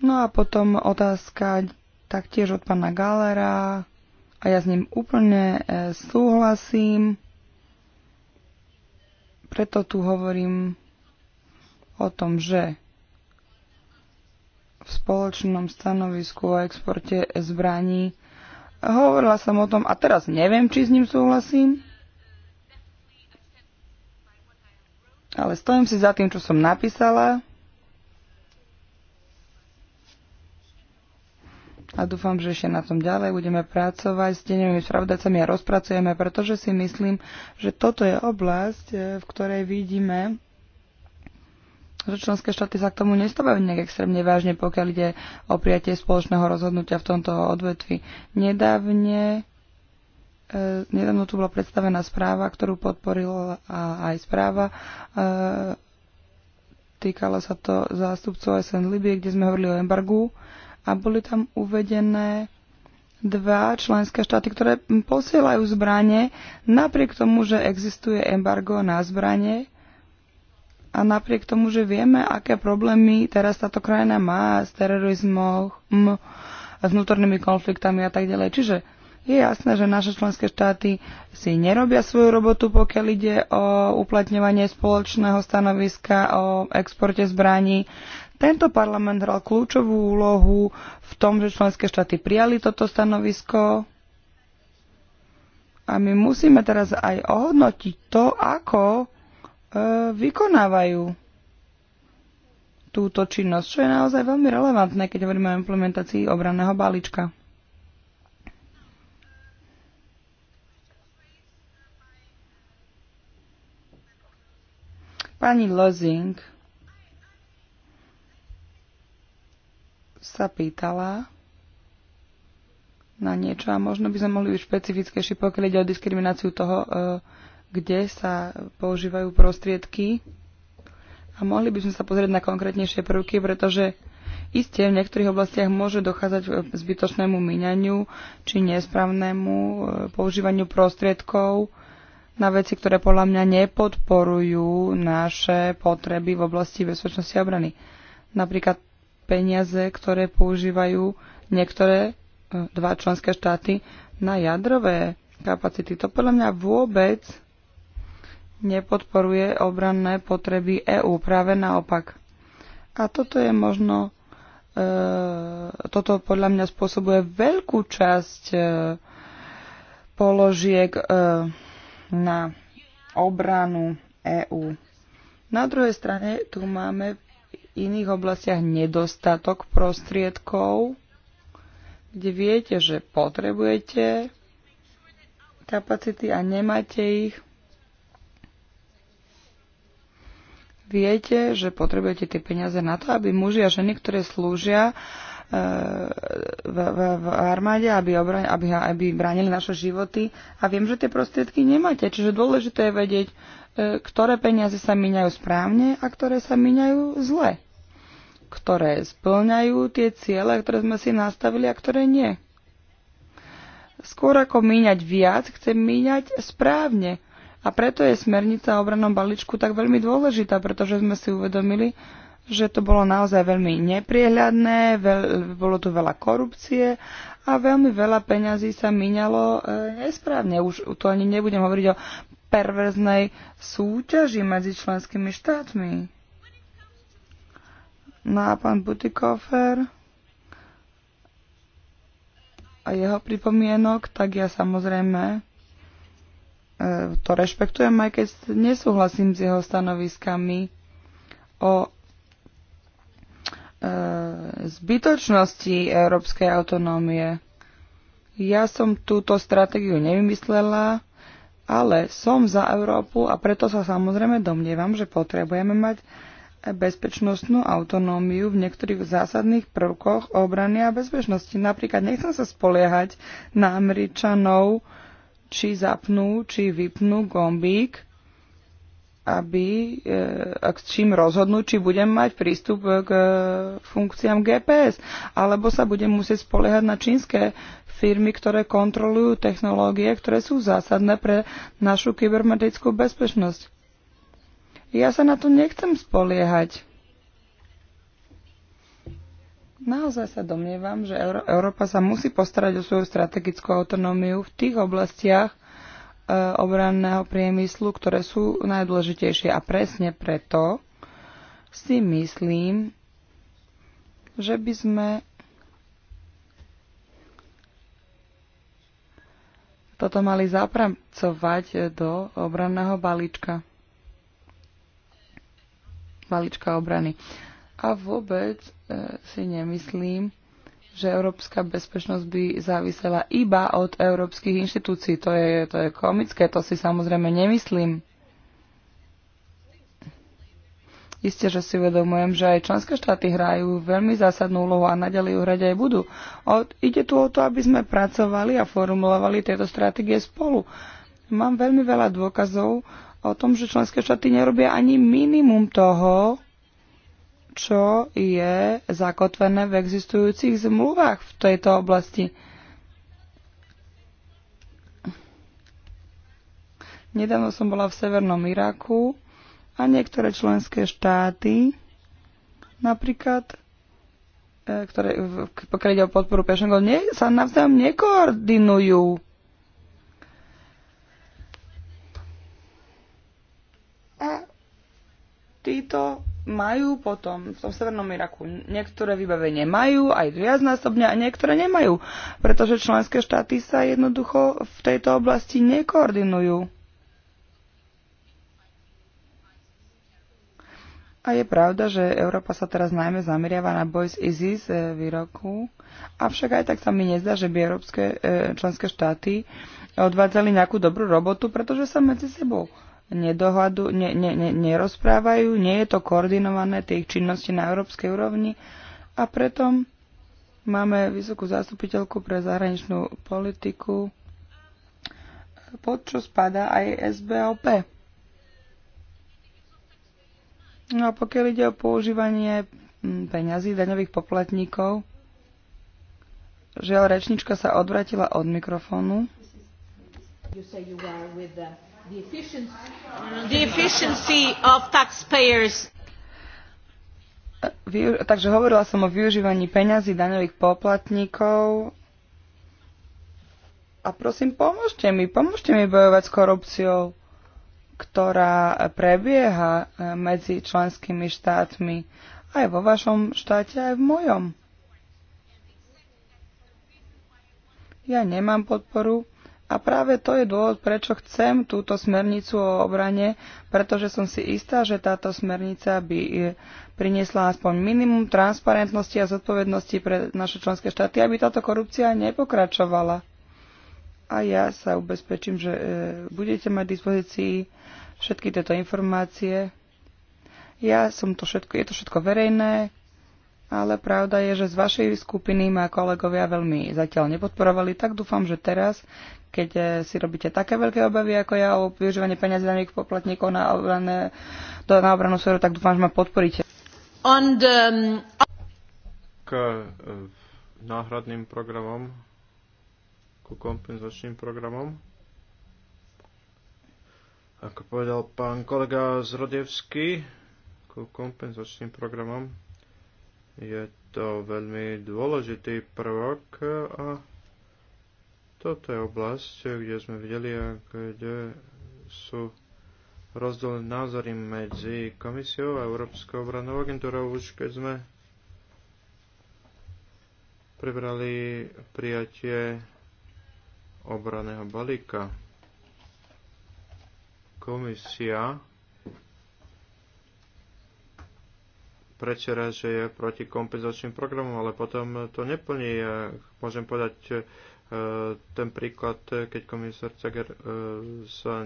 No a potom otázka taktiež od pána Galera a ja s ním úplne e, súhlasím, preto tu hovorím o tom, že v spoločnom stanovisku o exporte zbraní hovorila som o tom a teraz neviem, či s ním súhlasím, ale stojím si za tým, čo som napísala. a dúfam, že ešte na tom ďalej budeme pracovať s denými spravodajcami a rozpracujeme, pretože si myslím, že toto je oblasť, e, v ktorej vidíme, že členské štáty sa k tomu nestávajú nejak extrémne vážne, pokiaľ ide o prijatie spoločného rozhodnutia v tomto odvetvi. Nedávne e, Nedávno tu bola predstavená správa, ktorú podporila aj správa e, týkala sa to zástupcov SN Libie, kde sme hovorili o embargu a boli tam uvedené dva členské štáty, ktoré posielajú zbranie napriek tomu, že existuje embargo na zbranie a napriek tomu, že vieme, aké problémy teraz táto krajina má s terorizmom, s vnútornými konfliktami a tak ďalej. Čiže je jasné, že naše členské štáty si nerobia svoju robotu, pokiaľ ide o uplatňovanie spoločného stanoviska o exporte zbraní. Tento parlament hral kľúčovú úlohu v tom, že členské štáty prijali toto stanovisko a my musíme teraz aj ohodnotiť to, ako e, vykonávajú túto činnosť, čo je naozaj veľmi relevantné, keď hovoríme o implementácii obranného balíčka. Pani Lozing sa pýtala na niečo a možno by sme mohli byť špecifické pokiaľ ide o diskrimináciu toho, e, kde sa používajú prostriedky. A mohli by sme sa pozrieť na konkrétnejšie prvky, pretože Isté, v niektorých oblastiach môže dochádzať k zbytočnému míňaniu či nesprávnemu e, používaniu prostriedkov na veci, ktoré podľa mňa nepodporujú naše potreby v oblasti bezpečnosti a obrany. Napríklad peniaze, ktoré používajú niektoré e, dva členské štáty na jadrové kapacity. To podľa mňa vôbec nepodporuje obranné potreby EÚ, práve naopak. A toto je možno, e, toto podľa mňa spôsobuje veľkú časť e, položiek e, na obranu EÚ. Na druhej strane tu máme iných oblastiach nedostatok prostriedkov, kde viete, že potrebujete kapacity a nemáte ich, viete, že potrebujete tie peniaze na to, aby muži a ženy, ktoré slúžia e, v, v, v armáde, aby, obran, aby, aby bránili naše životy. A viem, že tie prostriedky nemáte. Čiže dôležité je vedieť, E, ktoré peniaze sa míňajú správne a ktoré sa míňajú zle. Ktoré splňajú tie ciele, ktoré sme si nastavili a ktoré nie. Skôr ako míňať viac, chcem míňať správne. A preto je smernica o obranom balíčku tak veľmi dôležitá, pretože sme si uvedomili, že to bolo naozaj veľmi nepriehľadné, veľ, bolo tu veľa korupcie a veľmi veľa peňazí sa míňalo e, nesprávne. Už tu ani nebudem hovoriť o perverznej súťaži medzi členskými štátmi. No a pán Butikofer a jeho pripomienok, tak ja samozrejme e, to rešpektujem, aj keď nesúhlasím s jeho stanoviskami o e, zbytočnosti európskej autonómie. Ja som túto stratégiu nevymyslela, ale som za Európu a preto sa samozrejme domnievam, že potrebujeme mať bezpečnostnú autonómiu v niektorých zásadných prvkoch obrany a bezpečnosti. Napríklad nechcem sa spoliehať na Američanov, či zapnú, či vypnú gombík, aby, e, ak s čím rozhodnú, či budem mať prístup k e, funkciám GPS, alebo sa budem musieť spoliehať na čínske firmy, ktoré kontrolujú technológie, ktoré sú zásadné pre našu kybernetickú bezpečnosť. Ja sa na to nechcem spoliehať. Naozaj sa domnievam, že Euró- Európa sa musí postarať o svoju strategickú autonómiu v tých oblastiach e, obranného priemyslu, ktoré sú najdôležitejšie. A presne preto si myslím, že by sme toto mali zapracovať e, do obranného balíčka. Balíčka obrany. A vôbec e, si nemyslím, že európska bezpečnosť by závisela iba od európskych inštitúcií. To je, to je komické, to si samozrejme nemyslím. Isté, že si uvedomujem, že aj členské štáty hrajú veľmi zásadnú úlohu a naďalej ju hrať aj budú. O, ide tu o to, aby sme pracovali a formulovali tieto stratégie spolu. Mám veľmi veľa dôkazov o tom, že členské štáty nerobia ani minimum toho, čo je zakotvené v existujúcich zmluvách v tejto oblasti. Nedávno som bola v Severnom Iraku a niektoré členské štáty, napríklad, e, ktoré, pokiaľ ide o podporu pešenkov, nie, sa navzájom nekoordinujú. A títo majú potom v tom severnom Iraku. Niektoré vybavenie majú, aj viacnásobne, a niektoré nemajú, pretože členské štáty sa jednoducho v tejto oblasti nekoordinujú. A je pravda, že Európa sa teraz najmä zameriava na boj s ISIS e, v Iraku, avšak aj tak sa mi nezdá, že by európske e, členské štáty odvádzali nejakú dobrú robotu, pretože sa medzi sebou nedohľadu, ne, ne, ne, nerozprávajú, nie je to koordinované, tých činností na európskej úrovni a preto máme vysokú zastupiteľku pre zahraničnú politiku, pod čo spadá aj SBOP. No a pokiaľ ide o používanie mm, peňazí daňových poplatníkov, žiaľ rečnička sa odvratila od mikrofónu. You say you are with the, the, efficiency, the efficiency of taxpayers takže hovorila som o využívaní peňazí daňových poplatníkov. A prosím, pomôžte mi, pomôžte mi bojovať s korupciou ktorá prebieha e, medzi členskými štátmi aj vo vašom štáte, aj v mojom. Ja nemám podporu a práve to je dôvod, prečo chcem túto smernicu o obrane, pretože som si istá, že táto smernica by e, priniesla aspoň minimum transparentnosti a zodpovednosti pre naše členské štáty, aby táto korupcia nepokračovala. A ja sa ubezpečím, že e, budete mať dispozícii všetky tieto informácie. Ja som to všetko, je to všetko verejné, ale pravda je, že z vašej skupiny ma kolegovia veľmi zatiaľ nepodporovali, tak dúfam, že teraz, keď eh, si robíte také veľké obavy ako ja o využívanie peniazy daných poplatníkov na, obrané do, na obranú sféru, tak dúfam, že ma podporíte. And, um... K eh, náhradným programom, ku kompenzačným programom ako povedal pán kolega Zrodevský, ku kompenzačným programom je to veľmi dôležitý prvok a toto je oblasť, kde sme videli, kde sú rozdelené názory medzi komisiou a Európskou obranou agentúrou, už keď sme prebrali prijatie obraného balíka komisia prečera, že je proti kompenzačným programom, ale potom to neplní. Môžem povedať e, ten príklad, keď komisár Cager e, sa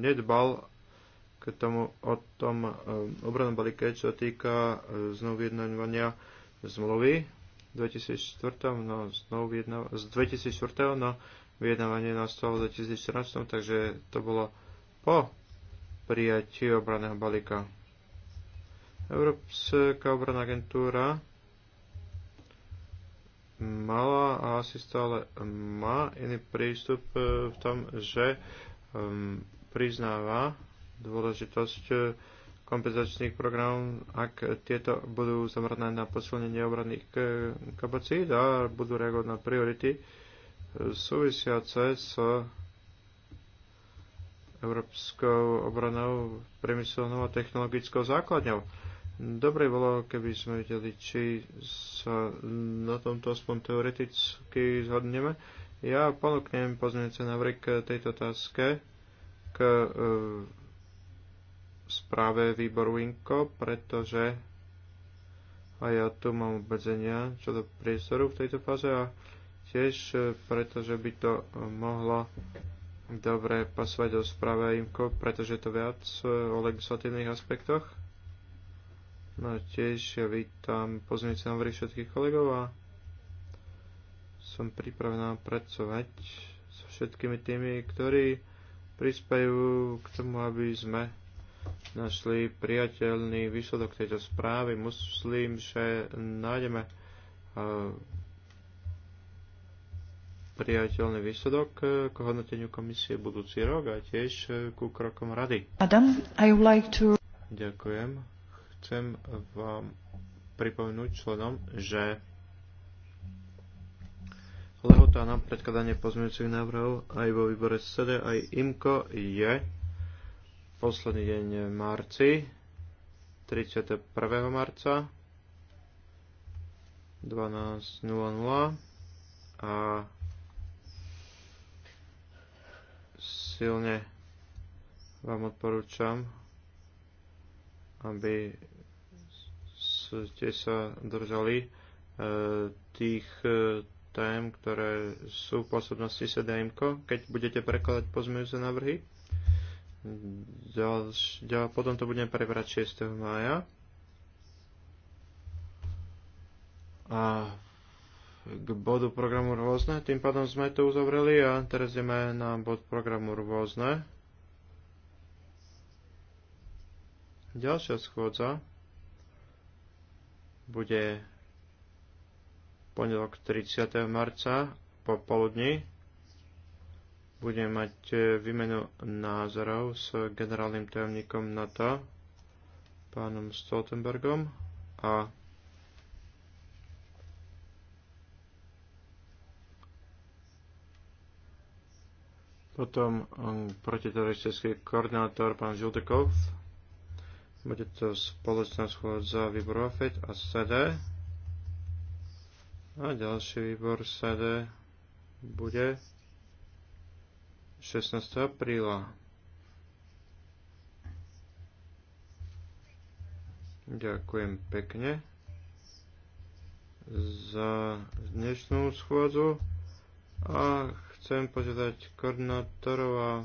nedbal k tomu o tom e, obranom balíke, čo týka znovu vyjednávania zmluvy 2004, no, znovu vyjednáv- z 2004 na no, vyjednávanie nastalo v 2014, takže to bolo po prijatí obraného balíka. Európska obranná agentúra mala a asi stále má iný prístup v tom, že ehm, priznáva dôležitosť eh, kompenzačných programov, ak tieto budú zamrané na posilnenie obranných eh, kapacít a budú reagovať na priority eh, súvisiace s európskou obranou priemyselnou a technologickou základňou. Dobre bolo, keby sme vedeli, či sa na tomto aspoň teoreticky zhodneme. Ja ponúknem pozmeňujúce návrhy k tejto otázke, k e, správe výboru INKO, pretože a ja tu mám obmedzenia čo do priestoru v tejto fáze a tiež e, pretože by to mohlo dobre pasovať do správe Imko, pretože je to viac eh, o legislatívnych aspektoch. No tiež vítam pozornice návrhy všetkých kolegov a som pripravená pracovať so všetkými tými, ktorí prispajú k tomu, aby sme našli priateľný výsledok tejto správy. Myslím, že nájdeme eh, priateľný výsledok eh, k hodnoteniu komisie budúci rok a tiež eh, ku krokom rady. Adam, I would like to... Ďakujem. Chcem vám pripomenúť členom, že lehota na predkladanie pozmeňujúcich návrhov aj vo výbore SED aj IMKO je posledný deň marci 31. marca 12.00 a silne vám odporúčam, aby ste sa držali e, tých e, tém, ktoré sú v pôsobnosti SDM. keď budete prekladať pozmejúce návrhy. Ďalš, ďal, potom to budem prebrať 6. mája. A v k bodu programu rôzne. Tým pádom sme to uzavreli a teraz ideme na bod programu rôzne. Ďalšia schôdza bude pondelok 30. marca po poludni. Budem mať e, výmenu názorov s generálnym tajomníkom NATO, pánom Stoltenbergom a Potom um, protiteroristický koordinátor pán Žildekov. Bude to spoločná schôdza výboru AFED a SEDE. A ďalší výbor SEDE bude 16. apríla. Ďakujem pekne za dnešnú schôdzu a chcem požiadať koordinátorov a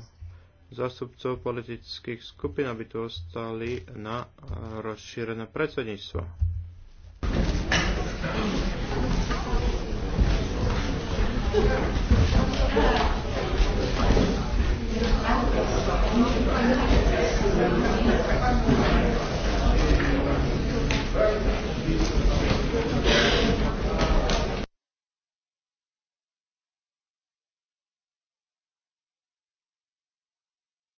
zástupcov politických skupín, aby tu ostali na rozšírené predsedníctvo. Thank you.